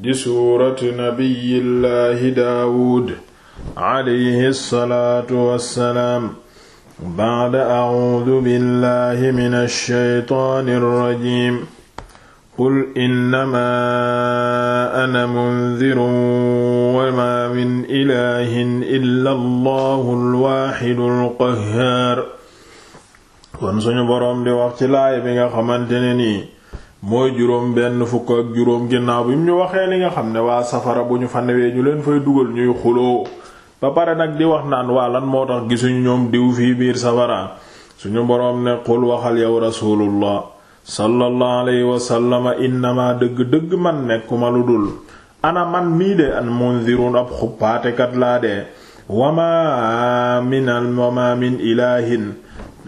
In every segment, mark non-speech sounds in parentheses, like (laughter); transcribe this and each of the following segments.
di suuratu nabiyillaahi daawud alayhi salaatu wassalaam ba'da a'uudu billaahi minash shaytaanir rajiim qul innamaa ana mundirun wa maa min ilaahin illa allahul waahidul qahhaar kon suñu boroom di wax ci laay bi nga xamante ne nii mooy juróom benn fukk ak juróom ginnaaw bi mu ñu waxee li nga xam ne waa safara bu ñu fa newee ñu leen fay dugal ñuy xuloo ba pare nag di wax naan waa lan moo tax gisuñu ñoom diw fii biir safara suñu boroom ne xul waxal yow rasulullah sallallahu alayhi wasallama innama dëgg-dëgg man nekkuma lu dul ana man mii de an mundirun ab xuppaatekat laa de wama min ilaahin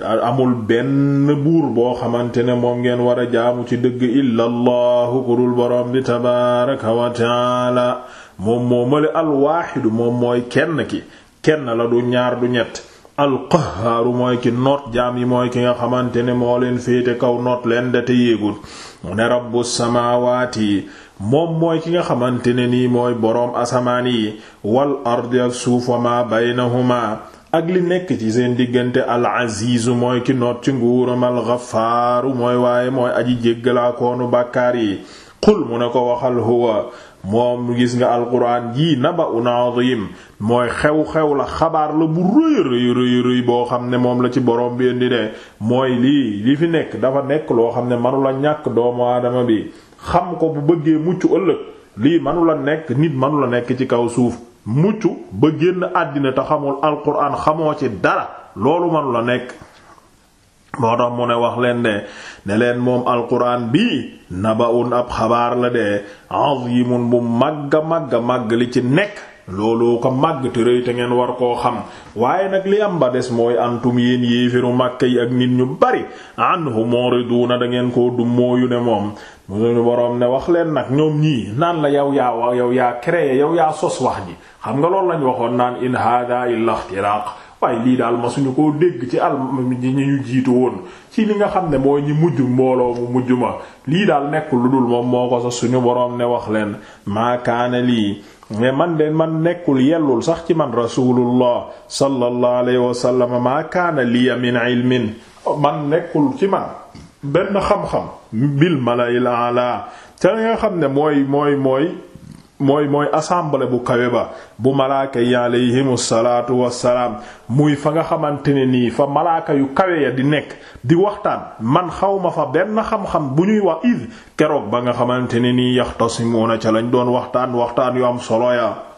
amul benn buur boo xamante ne moom ngeen war a jaamu ci dëgg illa allahu ku dul boroom bi tabaaraka wa taala moom moo male alwaaxidu moom mooy kenn ki kenn la du ñaar du ñett alqahaaru mooy ki noot jaam yi mooy ki nga xamante ne moo leen féete kaw noot leen da te yéegul mu ne rabbu samaawaati moom mooy ki nga xamante ne nii mooy boroom asamaan yi wal ardi ak suuf wa ma ak li nekk ci seen diggante al azizu mooy ki noot ci nguuram al ghafaaru mooy waaye mooy aji jéggalaa koonu bàkkaar yi qul mu ne ko waxal huwa moom gis nga alquran jii naba'un azim mooy xew-xew la xabaar la bu rëy rëy rëy boo xam ne moom la ci borom bi indi de mooy lii li fi nekk dafa nekk loo xam ne manu la ñàkk doomu aadama bi xam ko bu bëggee mucc ëllëg lii manu la nekk nit manu la nekk ci kaw suuf mucc ba génn àddina te xamul alquran xamoo ci dara loolu manu la nekk moo tax mu ne wax leen de ne leen moom alquran bi naba un ab xabaar la de azimun bu màgg a màgg a màgg li ci nekk looloo ko màgg te rëy te ngeen war koo xam waaye nag li am ba des mooy antum yéen yéefiru màkk yi ak nit ñu bari ànd anhu muriduna da ngeen koo dum mooyu ne moom musuñu boroom ne wax leen nag ñoom ñii naan la yow yaa wa yow yaa créé yow yaa sos wax ji xam nga loolu lañu waxoon naan in hada illa ikhtiraq waaye lii daal ma suñu koo dégg ci al ñi ñu jiitu woon ci li nga xam ne mooy ñi mujj mbooloo mu mujj ma lii daal nekk lu dul moom moo ko sa suñu boroom ne wax leen maakaane lii mais man de man nekkul yellul sax ci man rasulullah sallallahu alayhi wa sallam maa kaana liya min ilmin man nekkul ci man benn xam-xam bil malayil ala te nga xam ne mooy mooy mooy mooy mooy assemblée bu kawe ba bu malaaka yi alayhimu salaatu wassalaam muy fa nga xamante ne nii fa malaaka yu kawe ya di nekk di waxtaan man xawma fa benn xam-xam bu ñuy wax id keroog ba nga xamante ni nii yaxtasimuuna ca lañ doon waxtaan waxtaan yu am solo ya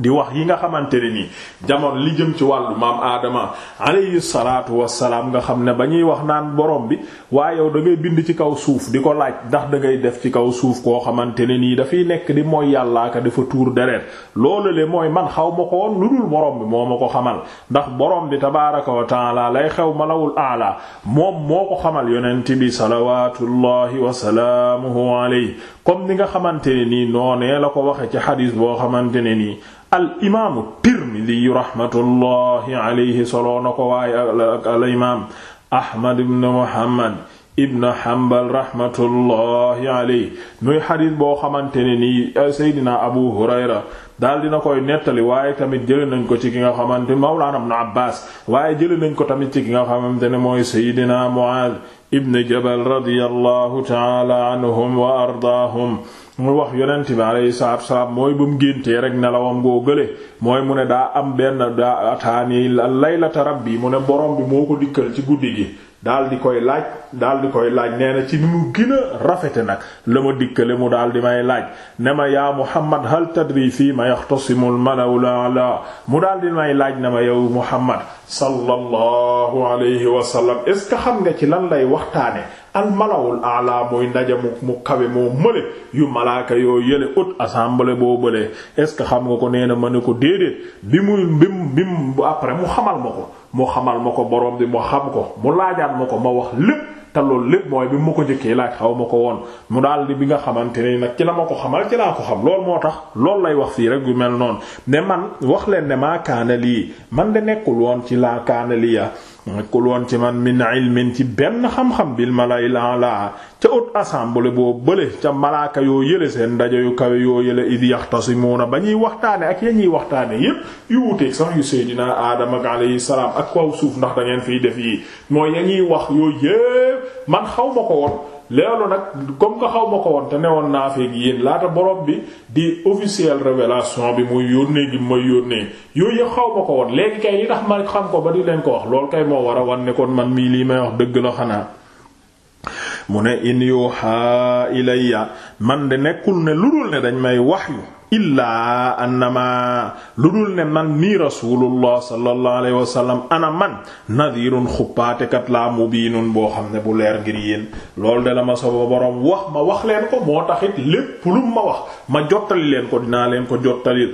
di wax yi nga xamante ne nii jamono li jëm ci wàllu maam aadama alayhi salaatu wassalaam nga xam ne ba ñuy wax naan borom bi waaye yow da ngay bind ci kaw suuf di ko laaj ndax dangay def ci kaw suuf koo xamante ne nii dafay nekk di mooy yàllaaka dafa tuur deret loolu le mooy man xaw ma ko woon lu dul borom bi moo ma ko xamal ndax borom bi tabaaraka wa taala lay xew ma malawul aala moom moo ko xamal yonent bi salawaatullahi wa salaamuhu alayhi comme ni nga xamante ne nii noonee la ko waxe ci xadiis boo xamante ne nii al imaamu Tirmidi rahmatullahi alayhi soloo na ko waaye al imaam Ahmad ibn Muhammad ibn Hanbal rahmatullahi alayhi muy xadis boo xamante ne nii eh, Seydina Abu Hurayra daal dina koy nettali waaye tamit jële nañ ko ci ki nga xamante Mawlana Ibn Abbas waaye jële nañ ko tamit ci ki nga xamante ne mooy Seydina Muaaz ibn Jabal radiyallahu ta'ala anhum wa ardaahum mu wax yonent bi alayhi salaatu wasalaam mooy bu mu géntee rek nelawam goo gële mooy mu ne daa am benn daa ataani laylata rabbi mu ne borom bi moo ko dikkal ci guddi gi daal di koy laaj daal di koy laaj nee na ci ni mu gën rafete nag la ma dikkale mu daal di may laaj ne ma yaa Muhammad hal tadri fii ma yaxtasimu al malaw la mu daal di may laaj ne ma yow Muhammad sallallahu alayhi wa sallam est-ce que xam nga ci lan lay waxtaane al malawul ala mooy ndaje mu mu kawe moo mële yu malaaka yoo yële haute assemblée boo bëlee est-ce que xam nga ko nee na ma ne ko déedéet bi muy bi mu bi mu après mu xamal ma ko mu xamal ma ko boroom bi mu xam ko mu laajaat ma ko ma wax lépp te loolu lépp mooy bi mu ko jëkkee laaj xaw ma ko woon mu daal di bi nga xamante ne nag ci la ma ko xamal ci laa ko xam lool moo tax loolu lay wax fii rek yu mel noonu ne man wax leen ne maa kaana lii man de nekkul woon ci laa kaana lii nekkul woon ci man min ilmin ci benn xam-xam bil malay la laa ca haute assemblée boo bële ca malaaka yoo yële seen ndaje yu kawe yoo yële id na ba ñuy waxtaane ak ya ñuy waxtaane yépp yu wuteeg sax yu seydinaa aadama ak alayhi salaam ak kaw suuf ndax da ngeen fiy def yii mooy ya ñuy wax yooyu yépp man xaw ma ko woon leelu nag comme nga xaw ma ko woon te newoon naa feeg yéen laata borom bi di officiel révélation bi muy yónnee gi muy yónnee yooyu yëpp xaw ko woon moo war a wan ne kon man mii lii may wax dëgg la xanaa mu ne in yuha ilayya man de nekkul ne lu dul ne dañ may wahyu illaa annama lu dul ne man nii rasulullah sallallahu alayhi wa sallam ana man nadirun xuppaatekat laa mubiinun boo xam ne bu leer ngir yéen loolu de la ma soba boroom wax ma wax leen ko moo taxit lépp lu ma wax ma jottali leen ko dinaa leen ko jottali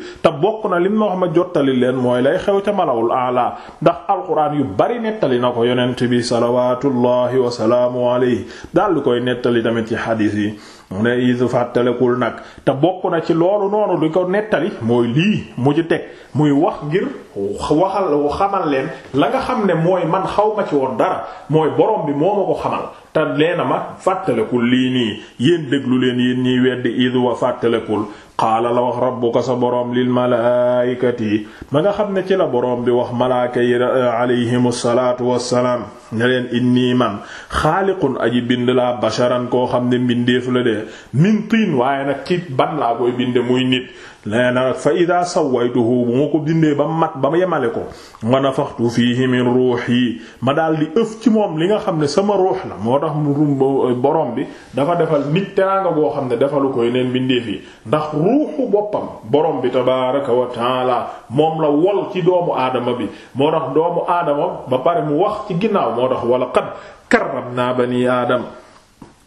bokk na lim ma ma jottali leen mooy lay xew ca malawul ala ndax alquran yu bari nettali na ko yonent bi salawaatullahi wa salaamu alayhi daal di koy nettali tamit ci xadiis yi mu ne isu fàttalekul nag te bokk na ci loolu noonu di ko nettali mooy lii mu ci teg muy wax ngir waxal xamal leen la nga xam ne mooy man xaw ma ci woon dara mooy borom bi moo ma ko xamal te leena ma fàttalekul lii nii yéen déglu leen yéen ñiy weddi isu wa fàttalekul qaala la wax rabbuka sa boroom lil malaayikati ma nga xam ne ci la boroom bi wax malaaka yi alayhim salaatu wassalaam ne leen inni man xaaliqun aji bind laa basharan koo xam binde min tiin waaye nag ci ban laa koy binde muy nit nee na fa ida sawaytuhu bu ma ko bindee ba mat ba yemale ko wa nafaxtu fiihi min ruuhi ma daal di ëf ci moom li nga xam ne sama ruux la moo tax mu eh, borom bi dafa defal nit teraanga boo xam ne defalu ko yeneen bindeef yi ndax ruuxu boppam borom bi tabaaraka wa taala moom la wol ci doomu aadama bi moo tax doomu aadama ba pare mu wax ci ginnaaw moo tax wala qad karramna bani aadama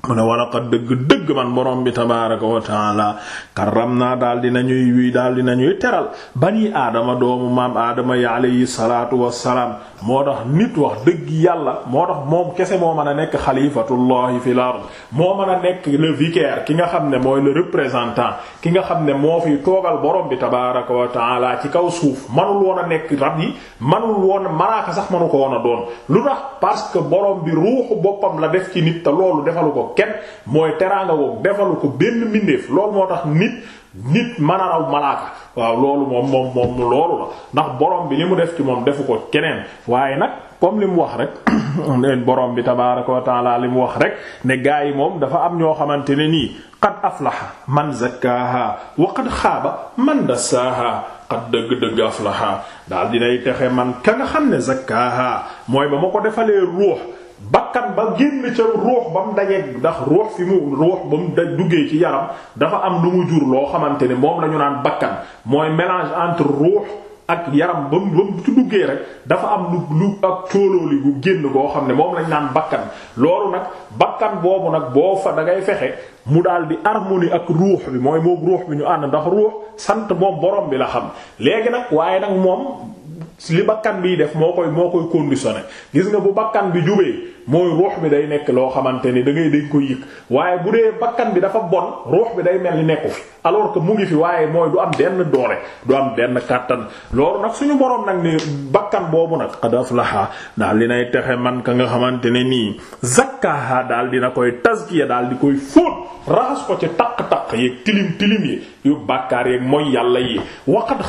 mu ne wala qad dëgg dëgg man borom bi tabaaraka wa taala karam naa daal di ñuy wii daal di nañuy teral bani aadama doomu maam aadama yi alayhi salaatu wassalaam moo tax nit wax dëgg yàlla moo tax moom kese moo mën a nekk xalifatullahi fi ard moo mën a nekk le vicaire ki nga xam ne mooy le représentant ki nga xam ne moo fi toogal borom bi tabaaraka wa taala ci kaw suuf manul woon a nekk rab yi manul woon malaaka sax manu ko woon a doon lu tax parce que borom bi boppam la def ci nit te loolu defalu ko ko kenn mooy teraanga woog defalu ko benn mbindeef loolu moo tax nit nit mën a raw malaaka waaw loolu moom moom moom loolu la ndax borom bi li mu def ci moom defu ko keneen waaye nag comme li mu wax rek (coughs) borom bi tabaaraka wa taala li mu wax rek ne gaa yi moom dafa am ñoo xamante ne nii qad aflaha man zakkaaha wa qad xaaba man dassaaha qad dëgg-dëgg aflaha daal dinay texe man ka nga xam ne zakkaaha mooy ba ma ko defalee ruux bakkan ba génn ca ruux ba mu dajeeg ndax ruux fi mu ruux ba mu da duggee ci yaram dafa am lu mu jur loo xamante ne moom la ñu naan bakkan mooy mélange entre ruux ak yaram ba mu ba mu ci duggee rek dafa am lu lu ak cóolóoli gu génn goo xam ne moom lañ naan bakkan loolu nag bakkan boobu nag boo fa da ngay fexe mu daal di harmonie ak ruux bi mooy moom ruux bi ñu ànd ndax ruux sant moom borom bi la xam léegi nag waaye nag moom. li bakkan biy def moo koy moo koy conditionné gis nga bu bakkan bi jubee mooy ruux bi day nekk loo xamante ni da ngay dañ ko yëg waaye bu dee bakkan bi dafa bon ruux bi day mel ni nekku fi alors que mu ngi fi waaye mooy du am benn doole du am benn kàttan loolu nag suñu boroom nag ni bakkan boobu nag qad aflaha daal dinay texe man ka nga xamante ne nii zakkaha daal dina koy tazkiya daal di koy fóot ko ci taq-taq yeeg tilim tilim yi yu bàkkaar yeeg mooy yàlla yi waqad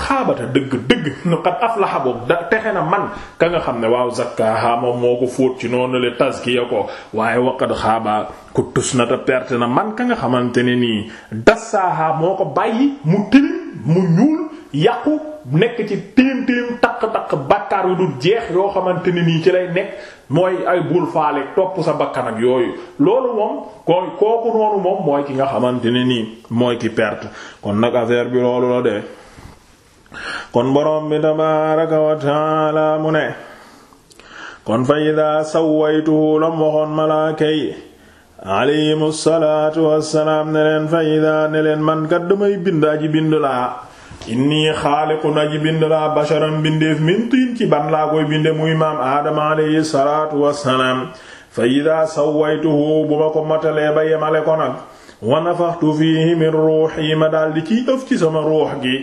dëgg dëgg qad aflaha boobu da texe na man ka nga xam ne waaw zakkaha moom moo ko fóot ci noonu le tazkiya ko waaye waqad xaaba ku tus na perte na man ka nga xamante ne nii dassaaha moo ko bàyyi mu tilim mu ñuul yàqu nekk ci tilim tilim takk-takk bàkkaar yu dul jeex yoo xamante ni nii ci lay nekk mooy ay bul faale topp sa bakkan yooyu loolu moom koy kooku noonu moom mooy ki nga xamante ne nii mooy ki perte kon nag affaire bi loolu la de kon borom bi tabaaraka wa taala mu ne kon fa idaa sawaytuhu lam waxoon malaaka yi alayhimu salaatu wassalaam ne leen fa idaa ne leen man kat damay bind aji bind laa inni xaaliqun aji bind laa basharan bindeef min tiin ci ban laa koy binde muy maam aadama alayhi wassalaam fa idaa sawwaytuhu bu ma ko matalee ba yemale ko nag wa nafaxtu fiihi min ruuhi ma daal di ciy ëf ci sama ruux gi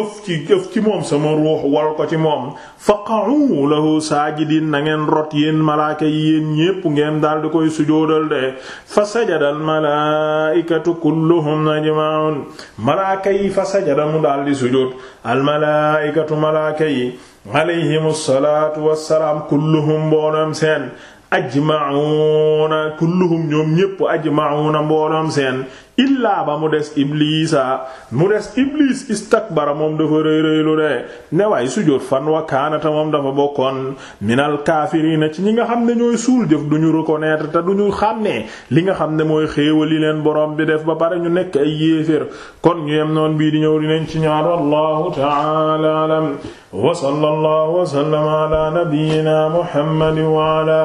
ëf ci ëf ci moom sama ruux wal ko ci moom faqa'u lahu saajidiin na ngeen rot yéen malaaka yi yéen ñépp ngeen daal di koy sujoodal de fa sajada al malaa'ikatu kulluhum ajma'un malaaka yi fa sajada mu daal di sujood al malaa'ikatu malaaka yi alayhimu salaatu wassalaam kulluhum boonam seen ajma'una kulluhum ñoom ñépp ajma'una mbooloom seen illaa ba mu des ibliisa mu des ibliis istakbara moom dafa rëy rëylu de ne waay sujjóot fan wa kaanata moom dafa bokkoon minal kaafiriina ci ñi nga xam ne ñooy suul jëf duñu reconnaître te duñu xàmmee li nga xam ne mooy xéewal yi leen borom bi def ba pare ñu nekk ay yéeféer kon ñu yem noon bii di ñëw dinañ ci ñaar wallahu ta'ala alam wa sallallahu wa sallama ala nabiyyina muhammadin wa ala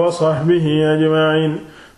wa sahbihi ajma'in